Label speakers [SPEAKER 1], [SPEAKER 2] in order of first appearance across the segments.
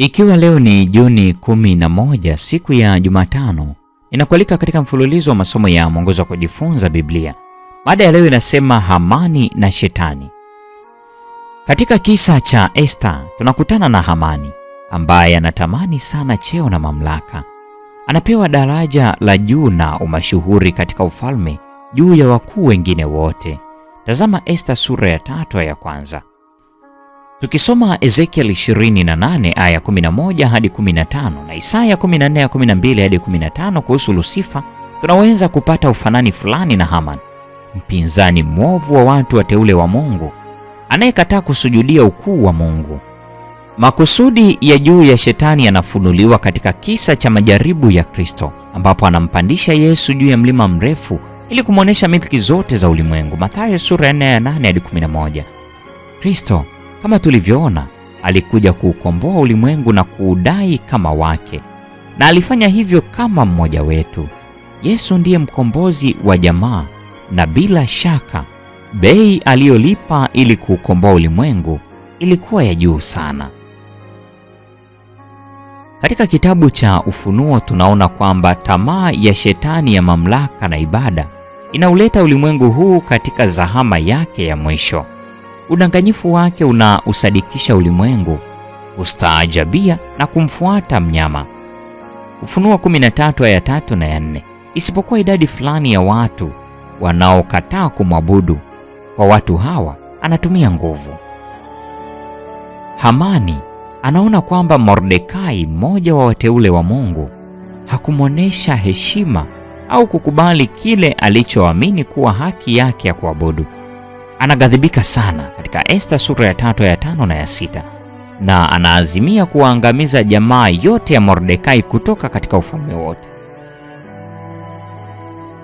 [SPEAKER 1] Ikiwa leo ni Juni kumi na moja, siku ya Jumatano, inakualika katika mfululizo wa masomo ya mwongozo wa kujifunza Biblia. Mada ya leo inasema Hamani na Shetani. Katika kisa cha Esta tunakutana na Hamani ambaye anatamani sana cheo na mamlaka. Anapewa daraja la juu na umashuhuri katika ufalme juu ya wakuu wengine wote. Tazama Esta sura ya tatu ya kwanza. Tukisoma Ezekiel 28 aya 11 hadi 15 na Isaya 14 aya 12 hadi 15 kuhusu Lusifa, tunaweza kupata ufanani fulani na Haman, mpinzani mwovu wa watu wateule wa Mungu anayekataa kusujudia ukuu wa Mungu. Makusudi ya juu ya Shetani yanafunuliwa katika kisa cha majaribu ya Kristo, ambapo anampandisha Yesu juu ya mlima mrefu ili kumwonyesha milki zote za ulimwengu, Mathayo sura ya 4 aya 8 hadi 11. Kristo kama tulivyoona, alikuja kuukomboa ulimwengu na kuudai kama wake, na alifanya hivyo kama mmoja wetu. Yesu ndiye mkombozi wa jamaa, na bila shaka bei aliyolipa ili kuukomboa ulimwengu ilikuwa ya juu sana. Katika kitabu cha Ufunuo tunaona kwamba tamaa ya shetani ya mamlaka na ibada inauleta ulimwengu huu katika zahama yake ya mwisho udanganyifu wake unausadikisha ulimwengu, kustaajabia na kumfuata mnyama. Ufunuo 13 aya 3 na ya Isipokuwa idadi fulani ya watu wanaokataa kumwabudu. Kwa watu hawa anatumia nguvu. Hamani anaona kwamba Mordekai, mmoja wa wateule wa Mungu, hakumwonyesha heshima au kukubali kile alichoamini kuwa haki yake ya kuabudu anaghadhibika sana katika Esta sura ya tatu ya tano na ya sita na anaazimia kuwaangamiza jamaa yote ya Mordekai kutoka katika ufalme wote.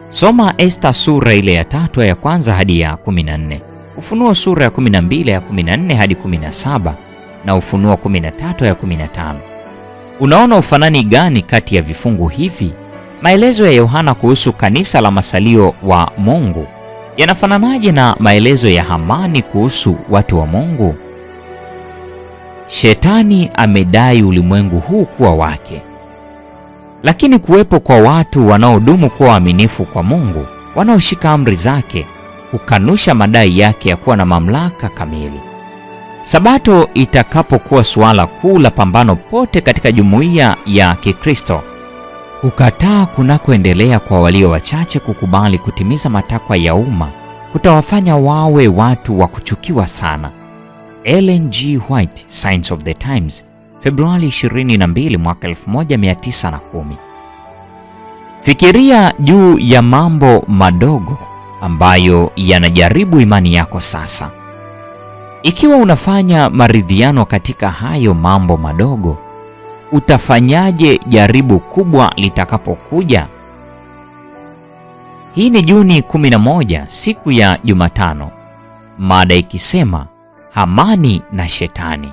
[SPEAKER 1] Soma Esta sura ile ya tatu ya kwanza hadi ya 14, Ufunuo sura ya 12 ya 14 hadi 17 na Ufunuo 13 ya 15. Unaona ufanani gani kati ya vifungu hivi? Maelezo ya Yohana kuhusu kanisa la masalio wa Mungu yanafananaje na maelezo ya Hamani kuhusu watu wa Mungu? Shetani amedai ulimwengu huu kuwa wake, lakini kuwepo kwa watu wanaodumu kuwa waaminifu kwa Mungu, wanaoshika amri zake, hukanusha madai yake ya kuwa na mamlaka kamili. Sabato itakapokuwa suala kuu la pambano pote katika jumuiya ya Kikristo, Kukataa kunakoendelea kwa walio wachache kukubali kutimiza matakwa ya umma kutawafanya wawe watu wa kuchukiwa sana. Ellen G. White, Science of the Times, Februari 22 mwaka 1910. Fikiria juu ya mambo madogo ambayo yanajaribu imani yako sasa. Ikiwa unafanya maridhiano katika hayo mambo madogo, utafanyaje jaribu kubwa litakapokuja? Hii ni Juni 11 siku ya Jumatano, mada ikisema Hamani na Shetani.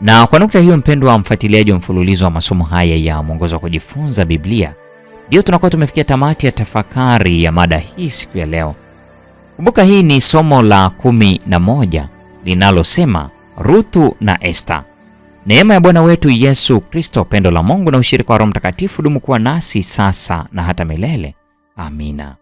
[SPEAKER 1] Na kwa nukta hiyo, mpendwa mfuatiliaji wa mfululizo wa masomo haya ya mwongozo wa kujifunza Biblia, ndio tunakuwa tumefikia tamati ya tafakari ya mada hii siku ya leo. Kumbuka hii ni somo la 11 linalosema Ruthu na Esta. Neema ya Bwana wetu Yesu Kristo, pendo la Mungu na ushirika wa Roho Mtakatifu dumu kuwa nasi sasa na hata milele. Amina.